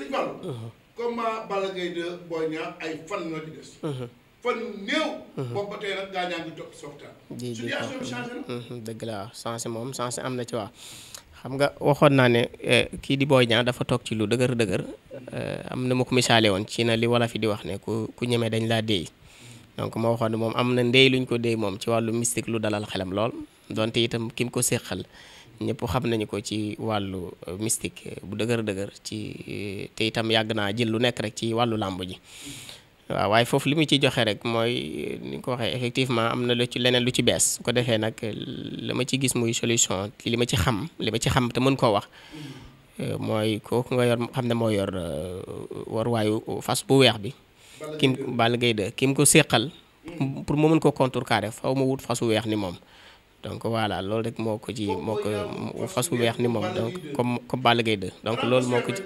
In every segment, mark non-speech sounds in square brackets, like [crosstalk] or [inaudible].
sëñ Ballou. combat Balla Boy Niang ay fan ñoo ci des. fan néew. boobu ba gaa ñaa ngi topp softaan. situation mm-hmm, dëgg la changé moom changé am na ci waa xam nga waxoon naa ne eh, kii di Boy Niang dafa toog ci lu dëgër dëgër eh, am na mu ko misaale woon ci na li wala fi di wax ne ku ku ñemee dañ laa déy donc moo waxoon ne moom am na ndey luñ ko déy moom ci wàllu mystique lu dalal xelam lool donte itam ki ko séqal. ñëpp xam nañu ko ci wàllu euh, mystique euh, bu dëgër dëgër ci euh, te itam yàgg naa jël lu nekk rek ci wàllu làmb ji waaw waaye foofu li mu ci joxe rek mooy ni nga ko waxee effectivement am na lu ci leneen lu ci bees ko defee nag li ma ci gis muy solution li ma ci xam li ma ci xam te mën koo wax mooy kooku nga yor xam ne moo yor waruwaayu fas bu weex bi. kim Balla Gaye de kim ko séqal pour mu mën ko contour carré faw ma wut fasu weex ni moom. donc voilà loolu rek moo ko ci moo ko fas wu weex ni moom donc comme comme Balla Gaye 2 donc loolu moo ko ci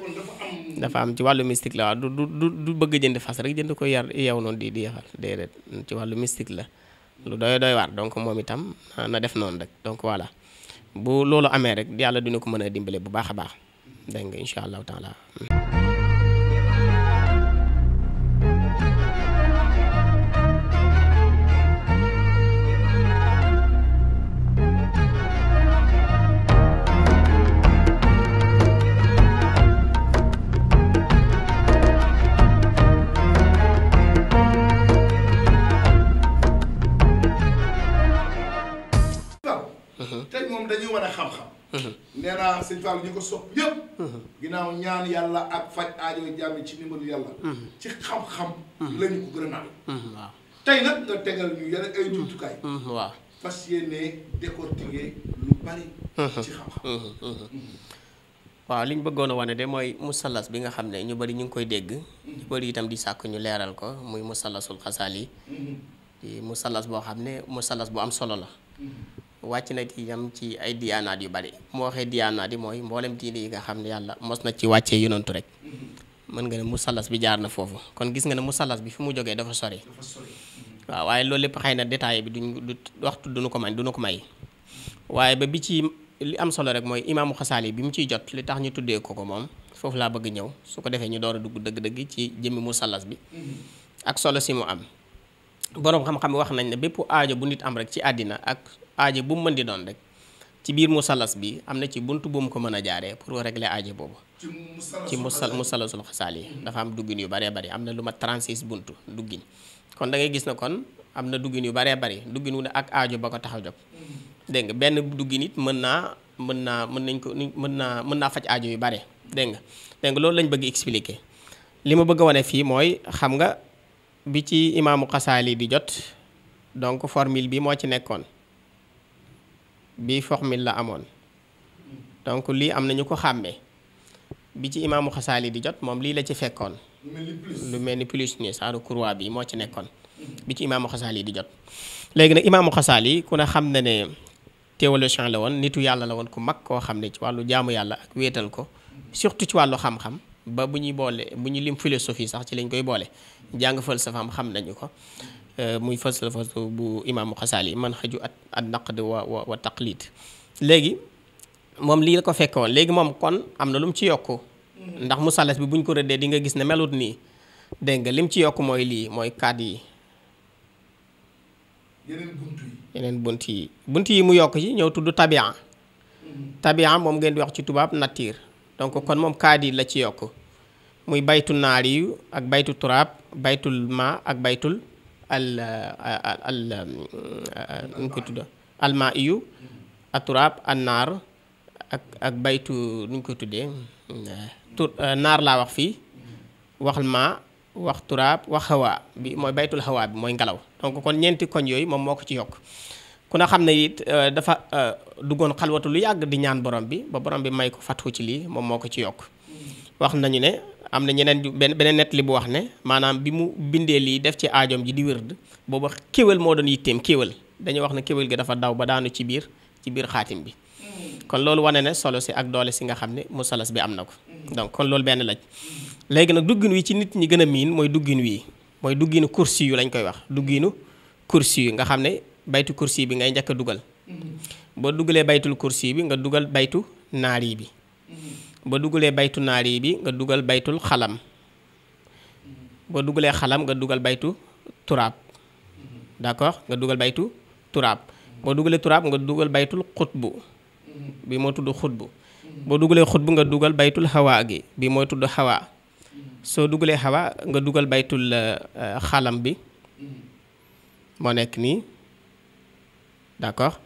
dafa am ci wàllu mystique la waaw du du du bëgg jënd fas rek jënd ko yar yow noonu di di yefal déedéet ci wàllu mystique la lu doy doy waar donc moom itam na def noonu rek donc voilà bu loolu amee rek yàlla dina ko mën a dimbale bu baax a baax dégg nga incha allahu taala Uh-huh. tey moom dañuy war a xam-xam. Uh-huh. nee naa sëñ Fall ko sopp yëpp. Uh-huh. ginnaaw ñaan yàlla ak faj aajo jàmm ci ndimbalu yàlla. ci xam-xam. lañu ko gën a naan. waaw tey nag nga tegal ñu yàlla ay jumtukaay. waaw fas yéenee décortiquer lu bari. ci xam-xam. Mm-hmm. waaw li ñu bëggoon a wane de mooy musallas bi nga xam ne ñu bari ñu ngi koy dégg. Mm-hmm. ñu bari itam di sàkk ñu leeral ko muy musallasul xasaal yi. Mm-hmm. di musallas boo xam ne musallas bu am solo la. wàcc na ci yam ci ay diyaanaat yu bari moo waxee diyaanaat yi mooy mboolem diine yi nga xam ne yàlla mos na ci wàccee yu yonantu rek mën nga ne musallas bi jaar na foofu kon gis nga ne musallas bi fi mu jógee dafa sori waaw waaye loolu lépp xëy na détail bi duñ du waxtu duñu ko may duñu ko may waaye ba bi ci li am solo rek mooy imaamu xasaali bi mu ciy jot li tax ñu tuddee ko ko moom foofu laa bëgg ñëw su ko defee ñu door a dugg dëgg-dëgg ci jëmmi musallas bi mm-hmm. ak solo si mu am boroom xam-xam wax nañ ne bépp aajo bu nit am rek ci àddina ak aaje bu mën di doon rek ci biir musalas bi am na ci bunt bu mu ko mën a jaaree pour régler ajo boobu ci musal musalasul xasaal dafa am duggin yu baree bari am na lu ma 36 bunt duggin kon da ngay gis na kon am na duggin yu baree bari duggin wu ne ak aajo ba ko tax a jóg mm-hmm. dégg nga benn duggin it mën naa mën naa mën nañ ko mën naa mën naa faj ajo yu bare dégg nga dégg nga loolu lañ bëgg expliquer li ma bëgg a wane fii mooy xam nga bi ci imaamu xasaali di jot donc formule bi moo ci nekkoon bi bii formule la amoon donc lii am na ñu ko xàmmee bi ci imaamu xasaali di jot moom lii la ci fekkoon lu mel ni plus ni saaru croix bi moo ci nekkoon bi ci imaamu xasaali di jot léegi nag imaamu xasaali ku ne xam na ne théologien la woon nitu yàlla la woon ku mag koo xam ne ci wàllu jaamu yàlla ak wéetal ko surtout ci wàllu xam-xam ba bu ñuy boole bu ñu lim philosophie sax ci lañ koy boole jàng am xam nañu ko Euh, muy fasl fasl bu imaamu xasaali man xaju at at naqd wa wa wa léegi moom lii la ko fekkoon léegi moom kon am na lu mu ci yokk ndax musallas bi buñ ko rëddee di nga gis ne melut nii dégg nga mu ci yokk mooy lii mooy kaat yi yeneen bunt yi bunt yi mu yokk ci ñëw tudd tabia tabia moom ngeen di wax ci tubaab nature donc kon moom kaat yi la ci yokk muy baytu naar ak baytu turaab baytul ma ak baytul al al nu koy tudda alma iyu a naar ak ak baytu nuñ koy tuddee tur naar laa wax fii waxal ma wax turaab wax hawa bi mooy baytul hawa bi mooy ngelaw donc kon ñeenti koñ yooyu moom moo ko ci yokk ku na xam ne it euh, dafa euh, duggoon xalwatu lu yàgg di ñaan borom bi ba borom bi may ko fatxu ci lii moom moo ko ci yokk wax nañu ne am na ñeneen benn beneen nett li bu wax ne maanaam bi mu bindee lii def ci aajoom ji di wérd booba kéwél moo doon yitteem kéwél dañuy wax ne kéwél gi dafa daw ba daanu ci biir ci biir xaatim bi mm. kon loolu wane ne solo si ak doole si nga xam ne musalas bi am na ko donc kon loolu benn laaj léegi nag duggin wi ci nit ñi gën a miin mooy duggin wii mooy dugginu kursi yu lañ koy wax dugginu kursi yu nga xam ne baytu kursi bi ngay njëkk a dugal mm-hmm. boo dugalee baytul kursi bi nga dugal baytu naari bi mm-hmm. ba dugalee baytu naari bi nga dugal baytul xalam boo dugalee xalam nga dugal baytu turaab d'accord nga dugal baytu turaab boo dugalee turaab nga dugal baytul xutbu bi moo tudd xutbu boo dugalee bu nga dugal baytul xawaa gi bi mooy tudd xawaa soo dugalee xawaa nga dugal baytul euh, xalam bi moo nekk nii d'accord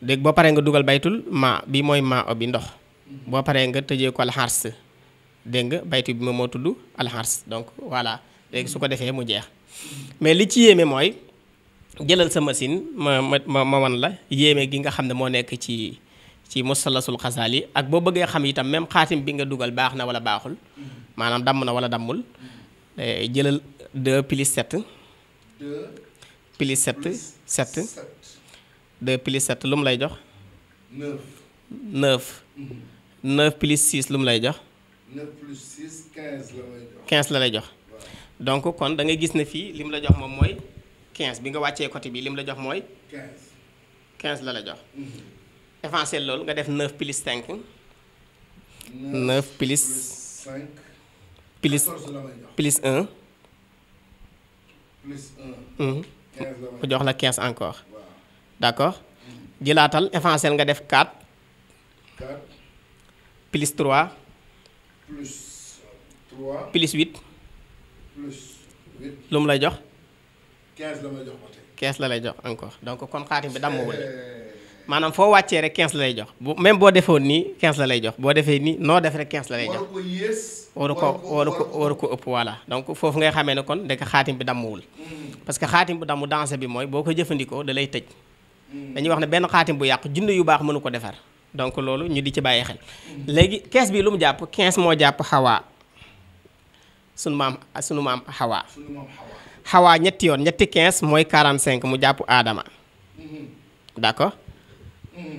dégg boo paree nga dugal baytul ma bi mooy maa o bi ndox boo paree nga tëjee ko alxars dégg nga baytu bi moom moo tudd alxars donc voilà léegi su ko defee mu jeex mais li ci yéeme mooy jëlal sa machine ma ma ma wan la yéeme gi nga xam ne moo nekk ci ci mustalasul xasaali ak boo bëggee xam itam même xaatim bi nga dugal baax na wala baaxul maanaam damm na wala dammul eh, jëlal 2 plus 7 2 plus 7 7 2 plus 7 lu mu lay jox 9 9 9 plus 6 lu mu lay jox. 9 la lay jox. donc kon da ngay gis ne fii li mu la jox moom mooy 15 bi nga wàccee côté bi li mu la jox mooy. 15 la lay jox. Mm-hmm. effacé loolu nga def 9 plus 5. 9 plus plus plus 1. Mm-hmm. jox la 15 encore. d'accord mm-hmm. jëlaatal effacé nga def 4. plus 3. plus 3. plus lay jox. 15 la jox ba la lay jox encore donc kon xaatim bi dammuwul eh. maanaam foo wàccee rek 15 la lay jox bu même boo defoon nii 15 la lay jox boo defee nii noo def rek 15 la lay jox. waru ko war waru ko waru ko ko ëpp voilà donc foofu ngay xamee ne kon ndeke xaatim bi dammuwul. Hmm. parce que xaatim bu dammu danger bi mooy boo ko jëfandikoo da lay tëj. Hmm. dañuy wax ne benn xaatim bu yàq junne yu baax mënu ko defar. donc loolu ñu di ci bàyyi xel léegi kees bii lu mu jàpp quinze moo jàpp xawaa sunu maam sunu maam xawaa xawaa ñetti yoon ñetti quinze mooy quarante cinq mu jàpp aadama mhm. d'accord mhm.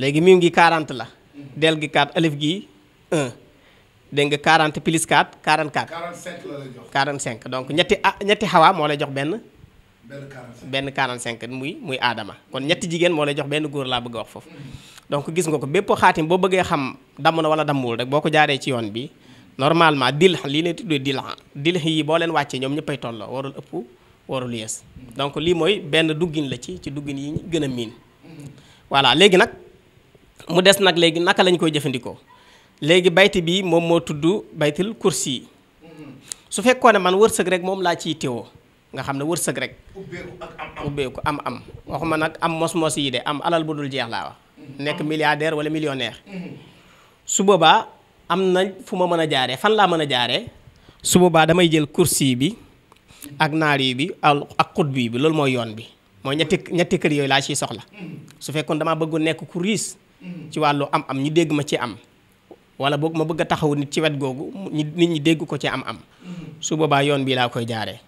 léegi miim ngi quarante la mhm. del gi quatre alif gi un dégg nga 40 plus 4 44. 45 la lay donc ñetti ah ñetti xawaa moo lay jox benn. benn 45 muy muy aadama kon ñetti jigéen moo lay jox benn góor laa bëgg a wax foofu donc gis nga ko bépp xaatim boo bëggee xam damm na wala dammuwul rek boo ko jaaree ci yoon bi normalement dil lii lay tuddee dil yi boo leen wàccee ñoom ñëppay tolloo warul ëpp warul yees donc lii mooy benn duggin la ci ci duggin yi gën a miin voilà léegi nag mu des nag léegi naka lañ koy jëfandikoo léegi bayt bii moom moo tudd baytil kursi yi mm-hmm. su fekkoon ne man wërsëg rek moom laa ciy teewoo nga xam ne wërsëg rek. ubbeeku ak am-am ubbeeku am waxuma nag am mos-mos yii de am alal bu dul jeex laa wax. Mm-hmm. nekk milliardaire wala millionnaire. Mm-hmm. su boobaa am na fu ma mën a jaaree fan laa mën a jaaree. su boobaa damay jël kursi bi ak naari bi ak xutbi bi loolu mooy yoon bi mooy ñetti kër yooyu laa ciy soxla. Mm-hmm. su fekkoon damaa bëgg nekk ku riis. ci wàllu am-am ñu dégg ma ci am. wala boog ma bëgg a taxaw nit ci wet googu nit ñi dégg ko ci am-am. su boobaa yoon bii laa koy jaaree.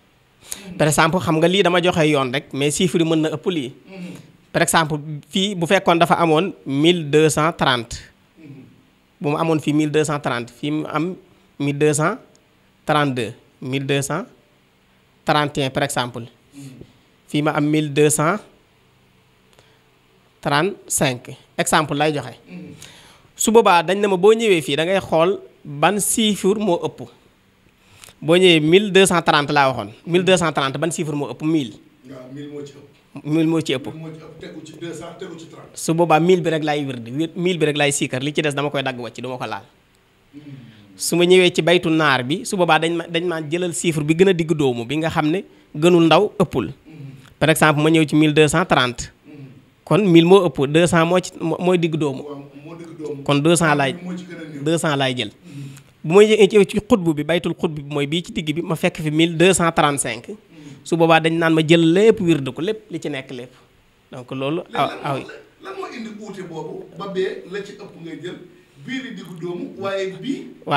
par exemple xam nga lii dama joxe yoon rek mais chiffre yi mën na ëpp lii mhm. par exemple fii bu fekkoon dafa amoon deux cent 1230 bu mu amoon fii 1230 fii mu am 1232 1231 par exemple mhm. fii ma am cent trent cinq exemple lay joxe mhm. su boobaa dañ ne ma boo ñëwee fii da ngay xool ban chiffre moo ëpp boo ñëwee 1230 laa waxoon 1230 ban chiffre moo ëpp 1000. waaw 1000 moo ci ëpp. 1000 moo ci ëpp. su boobaa 1000 bi rek laay wird 1000 bi rek laay siikar li ci des dama koy dagg wàcc du ma ko laal. Hmm. su ma ñëwee ci baytu naar bi su boobaa dañ ma dañ maa jëlal chiffre bi gën a digg doomu bi nga xam ne gënul ndaw ëppul. Hmm. par exemple ma ñëw ci mille 1230. Hmm. kon 1000 moo ëpp 200 moo ci mooy digg doomu. kon 200 laay 200 laay jël. bu may ci xutbu bi baytul xutbu bi mooy bii ci digg bi ma fekk fi 1235 su boobaa dañ naan ma jël lépp wird ko lépp li ci nekk lépp donc loolu. aw aw ah, ah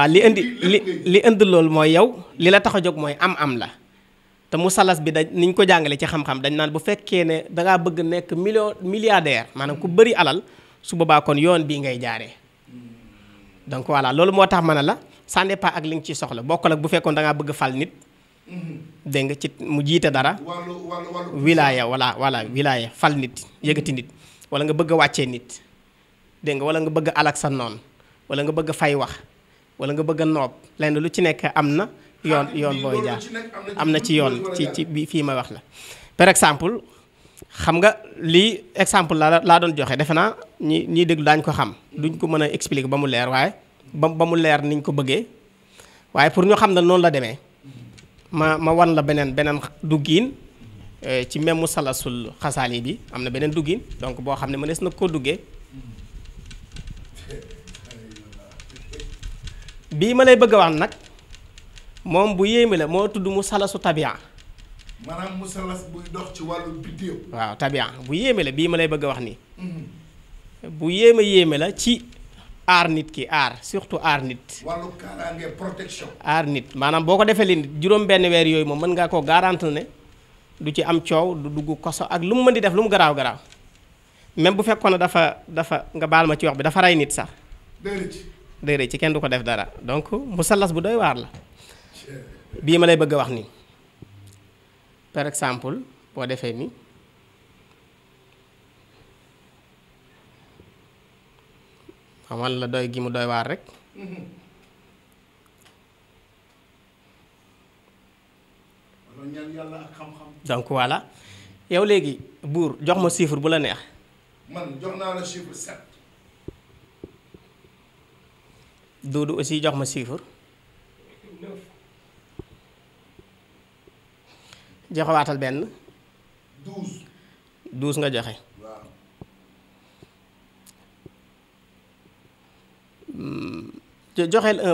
li indi li li indi loolu mooy yow li la tax a jóg mooy am-am la. te mu musalas bi dañ niñ ko jàngale ci xam-xam dañ naan bu fekkee ne dangaa bëgg nekk million milliardaire maanaam ku bari alal su boobaa kon yoon bii ngay jaaree hmm. donc voilà loolu moo tax ma ne la. ça dépend ak li nga ciy soxla bokk ak bu fekkoon da bëgg fal nit. dégg nga ci mu jiite dara. wàllu wàllu wàllu. wilaya wala wala wilaya fal nit yëgati nit wala nga bëgg a wàccee nit dégg nga wala nga bëgg a sa noon wala nga bëgg fay wax wala nga bëgg a noob lenn lu ci nekk am na. yoon ah, yoon booy jaar am na ci yoon ci ci bi fii ma wax la par exemple xam nga lii exemple la laa doon joxe defe naa ñi ñiy déglu daañ ko xam duñ ko mën a expliquer ba mu leer waaye ba ba mu leer niñ ko bëggee waaye pour ñu xam na noonu la demee ma ma wan la beneen beneen duggiin euh, ci même mu salasul xasaali bi am na beneen duggiin donc boo xam ne mënees na koo duggee bii ma lay bëgg wax nag moom bu yéeme la moo tudd mu salasu tabia maanaam mu salas buy waaw tabia bu yéeme la bii ma lay bëgg a wax nii mm-hmm. bu yéeme yéeme la ci aar nit ki aar surtout aar nit. aar nit maanaam boo ko defee li juróom-benn weer yooyu moom mën ngaa koo garantir ne du ci am coow du dugg koso ak lu mu mën di def lu mu garaaw garaaw même bu fekkoon ne dafa dafa nga baal ma ci wax bi dafa rey nit sax. déedéet ci ci kenn du ko def dara donc musallas bu doy waar la. bii ma lay bëgg a wax nii par exemple boo defee nii. xamal la doy gi mu doy waar rek donc voilà yow léegi buur jox ma chiffre bu la neex man jox naa la chiffre sept Duudu aussi jox ma chiffre joxewaatal benn douze douze nga joxe joxee 1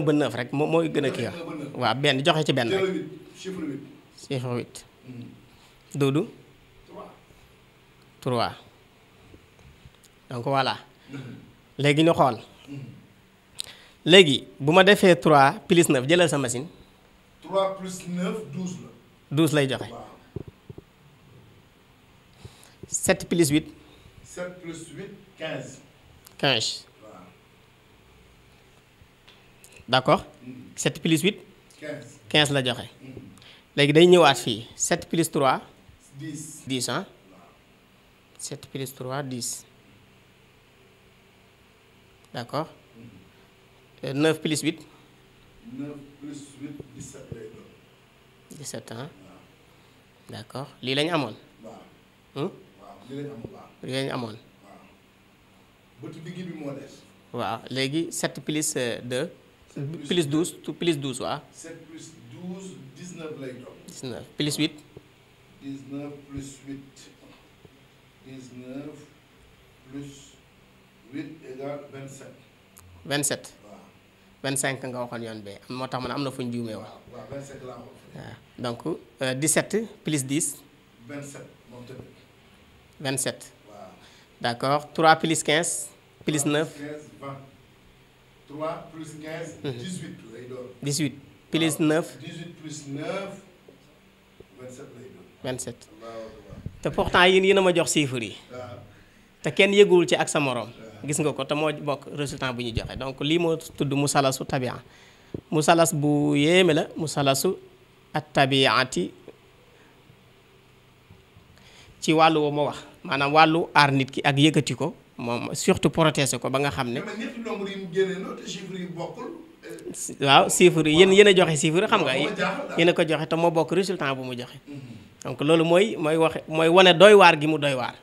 ba 9 rek moom mooy gën a kii waa benn joxe ci benn rek chiffre 8 hmm. Doudou 3 donc voilà hmm. léegi ñu xool hmm. léegi bu ma defee 3 plus 9 jëlal sa machine 3 lay joxe set plus 8 7 plus 8 15 d'accord 7 plus 8. 15 la joxe. léegi day ñëwaat fii 7 plus 3. 10 10 ah. 7 plus 3 10. d'accord 9 euh, plus 8. 9 plus 8 17 d'accord hmm? lii lañu amoon. waaw lii lañu amoon. waaw léegi 7 plus 2. Euh, plus 12 to plus 12 waaw. 7 plus 12 19 lay doon. 19 plus 8. 19 plus 8 19 plus 8 égale 27. 27. waaw 25 nga waxoon yoon bee moo tax man am na fu ñu juumee waaw. waaw 27 laa waxoon. waaw donc 17 euh, plus 10. 27 moom tamit. 27. waaw d' accord 3 plus 15. plus 9 15 20. 3 plus mhm. plus 9 18 te pourtant yi yéen na ma jox chiffres yi. te kenn yëgul ci ak sa moroom gis nga ko te moo bokk résultat bu ñu joxe donc lii moo tudd musalasu tabia musalas bu yéeme la musalasu at tabiati ci wàllu woo ma wax maanaam wàllu aar nit ki ak yëkkati ko. moom surtout protéger ko ba nga xam ne. waaw chiffre yi yéen yéen a joxe chiffre xam nga yéen a ko joxe te moo bokk résultat bu mu joxe. Mhm. donc loolu mooy mooy waxe mooy wane doy waar gi mu doy waar.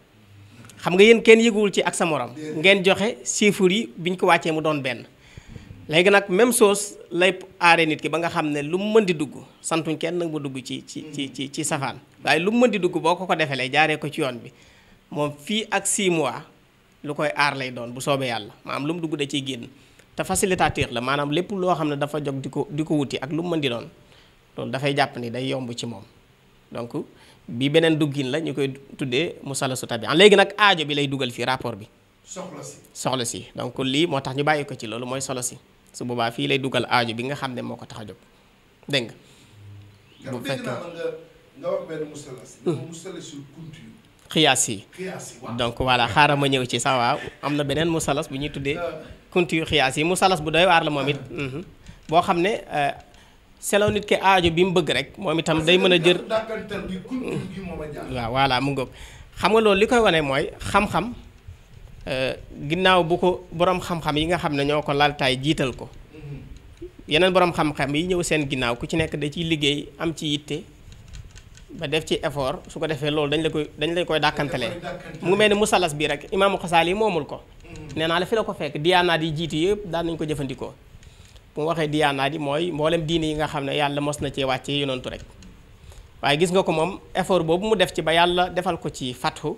xam nga yéen kenn yëguwul ci ak sa morom. ngeen joxe chiffre yi biñ ko wàccee mu doon benn. léegi nag même chose lay aare nit ki ba nga xam ne lu mu mën di dugg santuñ kenn nag mu dugg ci ci ci ci ci safaan waaye lu mu mën di dugg boo ko ko defee lay jaaree ko ci yoon bi moom fii ak 6 mois. lu koy aar lay doon bu soobee yàlla maanaam lu mu dugg da ciy génn te facilitateur la maanaam lépp loo xam ne dafa jog di ko di ko wuti ak lu mu mën di doon loolu dafay jàpp ni day yomb ci moom donc bi beneen duggin la ñu koy tuddee musala su tabi léegi nag aajo bi lay dugal fii rapport bi. soxla si soxla si donc lii moo tax ñu bàyyi ko ci loolu mooy solo si su boobaa fii lay dugal aajo bi nga xam ne moo ko tax a jóg dégg nga. xiyaas yi donc voilà xaaral ma ñëw ci sax waaw am na beneen musalas bu ñuy tuddee kunti xiyaas yi musalas bu doy waar la moom it ah. mhm. boo xam ne euh, selo nit ki aajo bi mu bëgg rek moom itam day mën a jër waaw voilà mu xam nga loolu li koy wane mooy xam-xam euh, ginnaaw bu ko boroom xam-xam yi nga xam ne ñoo ko laltaay jiital ko mhm. yeneen borom xam-xam yi ñëw seen ginnaaw ku ci nekk da ciy liggéey am ci yitte ba def ci effort su ko defee loolu dañ la koy dañ la koy dàkkantelee mu ngi mel ni musalas bii rek imaamu xasaal yi moomul ko nee naa la fi la ko fekk diyaanaat yi jiitu yëpp daan nañ ko jëfandikoo bu mu waxee diyaanaat yi mooy mboolem diine yi nga xam ne yàlla mos na cee wàcce yonantu rek waaye gis nga ko moom effort boobu mu def ci ba yàlla defal ko ci fathu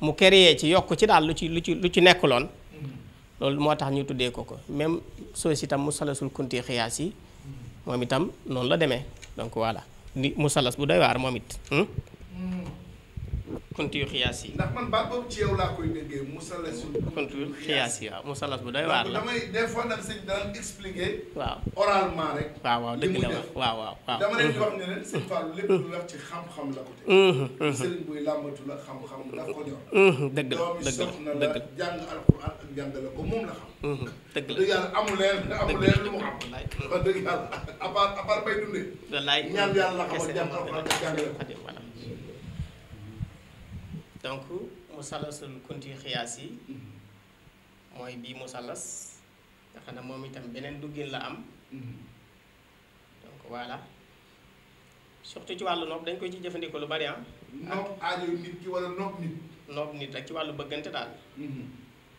mu créé ci yokk ci daal lu ci lu ci lu ci nekkuloon loolu moo tax ñu tuddee ko ko même soo itam mu salasul kunti xiyaas yi moom itam noonu la demee di musalas bu doy waar moom it hmm? Hmm. kuntiyu xiyaas yi. ndax man baat boobu ci yow laa koy déggee musalasul. kuntiyu xiyaas waar la. damay des nag sëñ daan expliquer. waaw oralement waaw waaw waaw waaw dama leen mm-hmm. lu wax xam mm-hmm, dëgg la dëgg la dëgg la dëgg la donc musalasul kunti xiyaas yi mooy bii musalas nga xam ne moom itam beneen duggin la am donc voilà surtout ci wàllu nopp dañ koy ci jëfandikoo lu bari ah. nopp aajo nit ki wala nopp nit. nopp nit ak ci wàllu bëggante daal. Mm-hmm.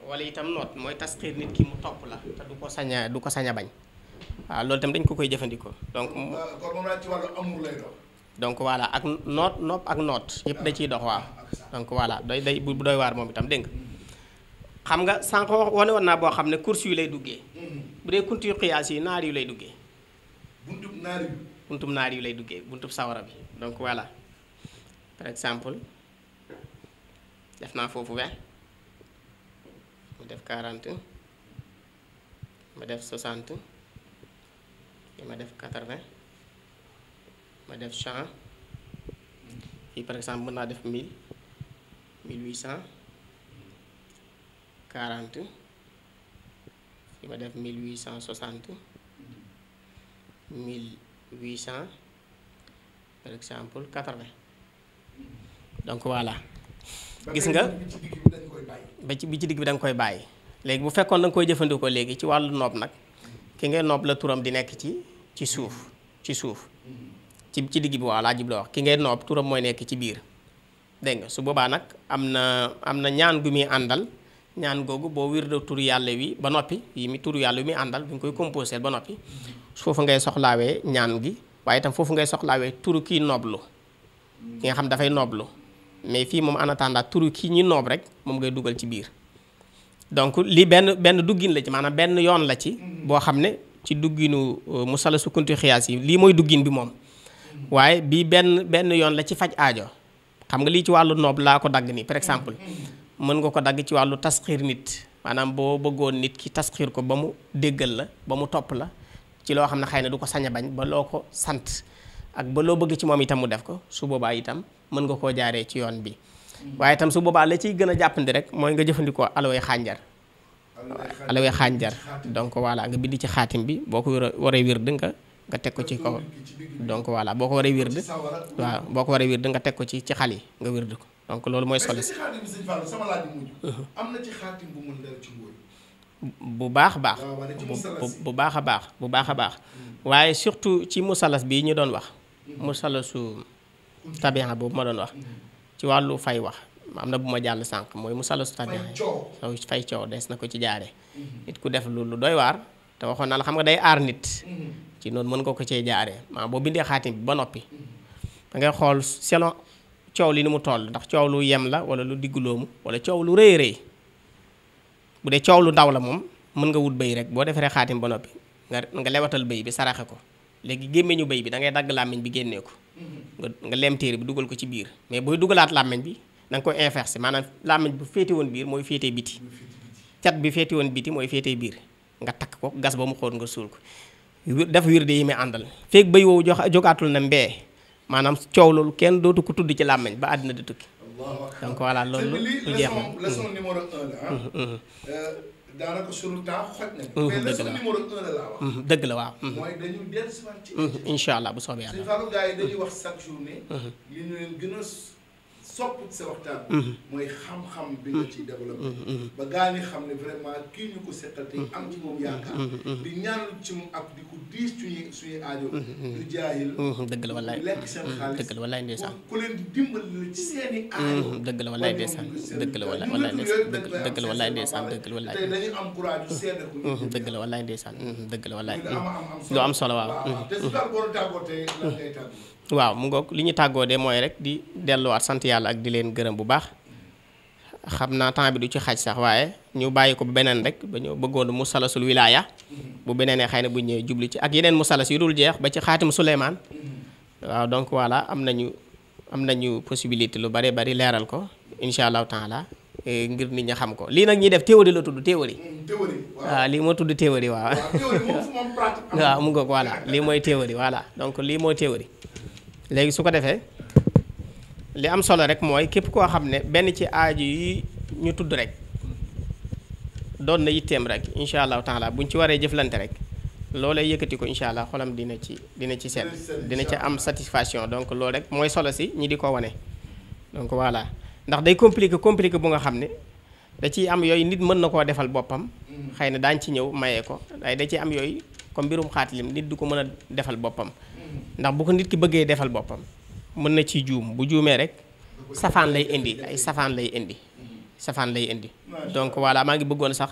wala itam noot mooy tasxiir nit ki mu topp la te du ko saña du ko saña bañ. waaw loolu itam dañ ko koy jëfandikoo donc. Euh, ci wàllu amour lay dox. donc voilà ak noot nopp ak noot yëpp da ciy dox waaw donc voilà doy day bu doy waar moom itam dégg nga xam nga sànq wane woon naa boo xam ne course yu lay duggee mm-hmm. bu dee kuntu yu xiyaas yi naar yu lay duggee buntub naar yu lay duggee buntub sawara bi donc voilà par exemple def naa foofu vingt mu def quarante ma def soixante ma def quatre vingt ma def champ fii par exemple mën naa def mille mille huit cent quarante fii ma def mille huit cent soixante mille huit cent par exemple quatre-vingt donc voilà. gis nga ba ci bi ci digg bi danga koy bàyyi. léegi bu fekkoon da nga koy jëfandikoo léegi ci wàllu noob nag ki ngay noob la touram di nekk ci ci suuf ci suuf. ci ci digg bi waaw laa jub la wax ki ngay noob turam mooy nekk ci biir dégg nga su boobaa nag am na am na ñaan gu muy àndal ñaan googu boo wirdo turu yàlla wi ba noppi yi mi turu yàlla wi muy àndal bu ñu koy composé ba noppi foofu ngay soxlaawee ñaan gi waaye itam foofu ngay soxlaawee turu kii nooblu ki nga xam dafay nooblu mais fii moom en attendant turu kii ñi noob rek moom ngay dugal ci biir donc li benn benn duggin la ci maanaam benn yoon la ci boo xam ne ci dugginu euh, musala sukkunti xiyaas yi lii mooy duggin bi moom waaye bii benn benn yoon la ci faj aajo xam nga lii ci wàllu noob laa ko dagg nii par exemple mën nga ko dagg ci wàllu tasxiir nit maanaam boo bëggoon nit ki tasxiir ko ba mu déggal la ba mu topp la ci loo xam ne xëy na du ko sañ a bañ ba loo ko sant ak ba loo bëgg ci moom itam mu def ko su boobaa itam mën nga koo jaaree ci yoon bi waaye itam su boobaa la ciy gën a jàppandi rek mooy nga jëfandikoo alawee xànjar alawee xànjar donc voilà nga bindi ci xaatim bi boo ko waree wird nga nga teg ko ci kaw donc voilà boo ko waree wird waaw boo ko waree wird nga teg ko ci ci xal yi nga wird ko donc loolu mooy solo si uh-huh. bu baax baax ah, bu baax a baax bu baax a baax waaye surtout ci musalas bii ñu doon wax uh-huh. musalasu tabian boobu ma doon wax uh-huh. ci wàllu fay wax am na bu ma jàll sànq mooy musalasu tabian fay coow des na ko ci jaare nit ku def lu lu doy waar te waxoon naa la xam nga day aar nit ci noonu mën nga ko cee jaaree maa boo bindee xaatim bi ba noppi da ngay xool selon coow li ni mu toll ndax coow lu yem la wala lu digguloomu wala coow lu rëy rëy bu dee coow lu ndaw la moom mën nga wut béy rek boo defaree xaatim ba noppi nga nga lewatal béy bi saraxe ko léegi ñu béy bi da ngay dagg làmmiñ bi génnee ko nga nga lem bi dugal ko ci biir mais booy dugalaat làmmiñ bi da nga koy inversé maanaam làmmiñ bu féete woon biir mooy féetee biti cat bi féete woon biti mooy féetee biir nga takk ko gas ba mu xóot nga suul ko def wirde yi muy àndal feeg ba woowu jox jógaatul na mbee maanaam coow loolu kenn dootu ko tudd ci làmmiñ ba àddina di tukki donc voilà loolu lu jeex na leçon laa wax. Mm-hmm, dëgg la waaw. Mm-hmm. mooy mm-hmm, allah bu soobee yàlla. suñu sopp sa waxtaan. Mhm. mooy xam-xam bi nga mhm. ci développé. Mhm. ba gaa xam ne vraiment kii ñu ko seqal te am ci moom yaakaar. di ñaan ci moom ak di ko diis dëgg la wallaay lekk la wallaay ndeysaan. ku leen di dimbali ci seen i aajo. dëgg la wallaay ndeysaan dëgg la wallaay wallaay ndeysaan dëgg la wallaay ndeysaan dëgg la wallaay. dëgg la wallaay ndeysaan dëgg la am am waaw mu ngoog li ñu tàggoo de mooy rek di delluwaat sant yàlla ak di leen gërëm bu baax xam naa temps bi du ci xaj sax waaye ñu bàyyi ko bu beneen rek ba ñu bëggoon musalasul wilaaya bu beneenee xëy na bu ñëwee jublu ci ak yeneen mu musalas yu dul jeex ba ci xaatim Suleymaan waaw donc voilà am na ñu am nañu possibilité lu bare bari leeral ko incha allahu taala e, ngir nit ñi xam ko lii nag ñuy def théorie la tudd téewari waaw ah, lii moo tudd théorie waaw. [laughs] waaw mu ngoog voilà lii mooy théorie voilà donc lii mooy théorie. léegi su ko defee li am solo rek mooy képp koo xam ne benn ci aaju yi ñu tudd rek doon na yitteem rek incha allahu bu ñu ci waree jëflante rek loolee yëkkati ko incha allah xolam dina ci dina ci seet dina ci am satisfaction donc loolu rek mooy solo si ñi di ko wane donc voilà ndax day compliqué compliqué bu nga xam ne da ciy am yooyu nit mën na koo defal boppam mm. xëy na daañ ci ñëw mayee ko waaye da ciy am yooyu comme mbirum xaatilim nit du ko mën a defal boppam ndax bu ko nit ki bëggee defal boppam mën na ci juum bu juumee rek safaan lay indi ay safaan lay indi safaan lay indi donc voilà maa ngi bëggoon sax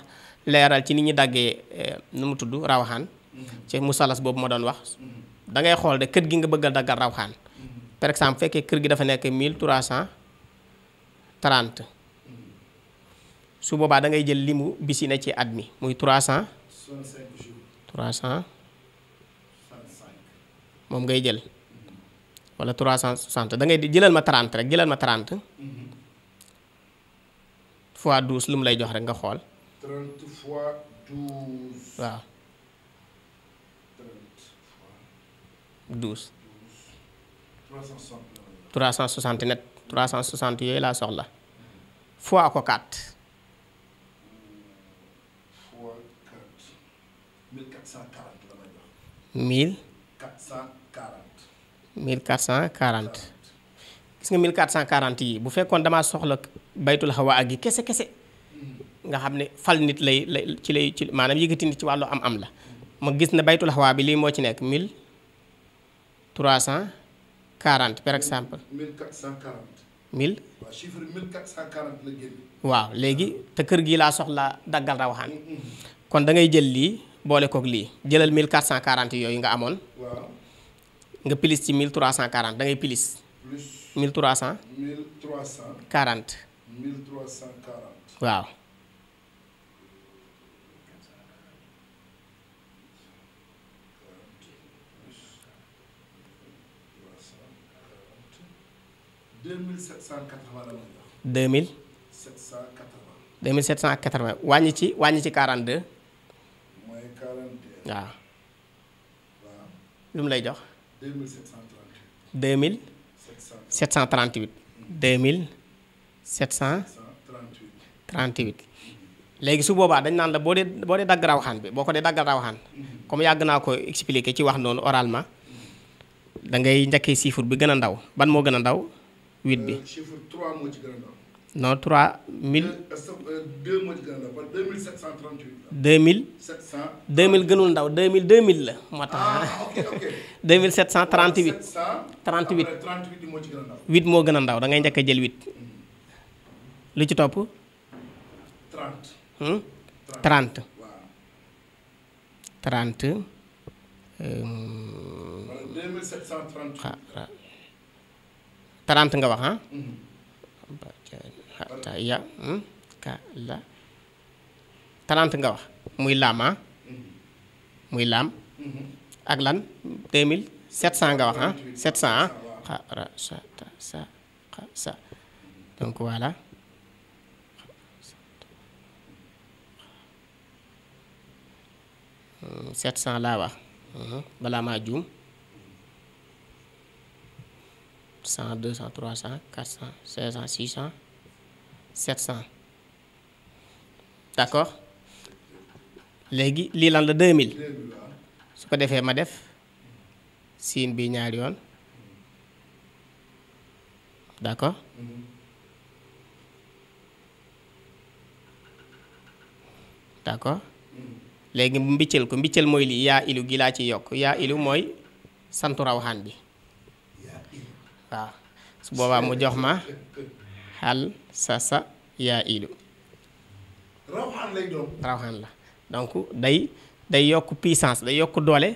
leeral ci nit ñi daggee eh, nu mu tudd rawxaan ci musalas boobu ma doon wax da ngay xool de kër gi nga bëgg a daggal rawxaan par exemple fekkee kër gi dafa nekk 1330 su boobaa da ngay jël limu bisi na ci at mi muy 300 300 moom ngay jël wala 360 da ngay jëlal ma trent rek jëlal ma 30 fois 12 lu mu lay jox rek nga xool. 30 fois 12. waaw. 12. 360. 360 yooyu laa soxla fois ko 4. fois 1440. 1440 gis nga 1440 yii bu fekkoon damaa soxla baytul xawa ak yi kese kese nga xam ne fal nit lay lay ci lay ci maanaam yëkkati nit ci wàllu am-am la ma gis ne baytul xawa bi lii moo ci nekk 1340 par exemple. 1440. 1000. waaw chiffre 1440 la génn. waaw léegi te kër gi laa soxla daggal rawaxaan mm-hmm. kon da jël lii. boole kook lii jëlal 1440 yooyu nga amoon. waaw nga pilis ci 1340 da ngay pilis. plus 1300. 1300. waaw. cent quatre-vingts. deux mille. sept cent quatre-vingts. deux mille sept cent wàññi ci wàññi ci waaw. lu mu lay jox. 2738. 2000. 738. 2000. 738. léegi su boobaa dañ naan la boo dee boo dee dagg rawaxaan bi boo ko dee daggal rawaxaan comme yàgg naa ko expliqué ci wax noonu oralement da ngay njëkkee chiffre bi gën a ndaw ban moo gën a ndaw. 8 bi euh, gën a ndaw. non 3000. 2000. 2000 gënul ndaw 2000 2000 la moo tax. ah ok ok 2738. 38 8 moo gën a ndaw da ngay njëkk jël 8. Mm. lu ci topp. 30. trent 30. 2738. 30 nga wax ah. Mm-hmm. ta ya hmm? ka nga wax muy laama ah? muy laam ak lan deux mille sept cent nga wax ah sept cent ah donc voilà hmm, sept cent laa wax hmm, balaa maa juum cent cent trois cent quatre cent cinq cent six cent 700 d'accord léegi lii lan la 2000 su ko defee ma def siin bi ñaari yoon d'accord d'accord léegi mbiccel ko mbiccel mooy lii yaa ilu gi laa ci yokk yaa ilu mooy santu rawxaan bi waaw su boobaa mu jox ma [laughs] hal sa yaa ilu rawxaan lay doon rawxaan la donc day day yokk puissance day yokk doole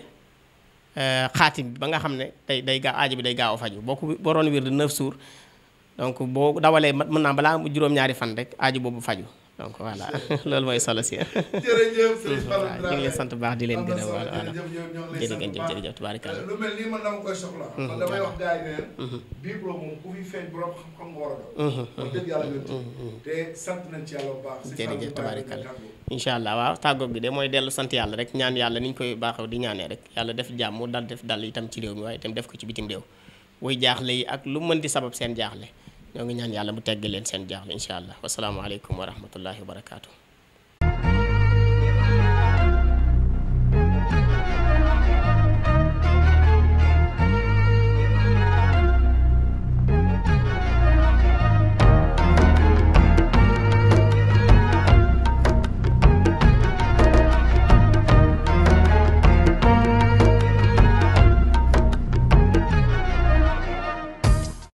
euh, xaatim bi ba nga xam ne day day gaaw aajo bi day gaaw a faju boo ko boo doon wér di neuf jours donc boo dawalee mën naa balaa juróom-ñaari fan rek aajo boobu faju donc voilà [laughs] loolu mooy solo si. [laughs] sant bu di leen voilà voilà jërëjëf jërëjëf tubaarikàlla. lu mel de mooy dellu sant yàlla rek ñaan yàlla ni ñu koy baaxoo di ñaanee rek yàlla def jàmm dal def dal itam ci réew mi waaye itam def ko ci bitim réew. wuy jaaxle yi ak lu mën di sabab seen jaaxle ñoo ngi ñaan yàlla mu tegg leen seen jaaxle incha allah wasalaamualeykum wa rahmatullahi wa barakaatu.